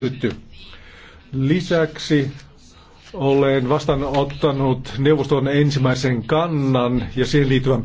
kysytty. Lisäksi olen vastaanottanut neuvoston ensimmäisen kannan ja siihen liittyvän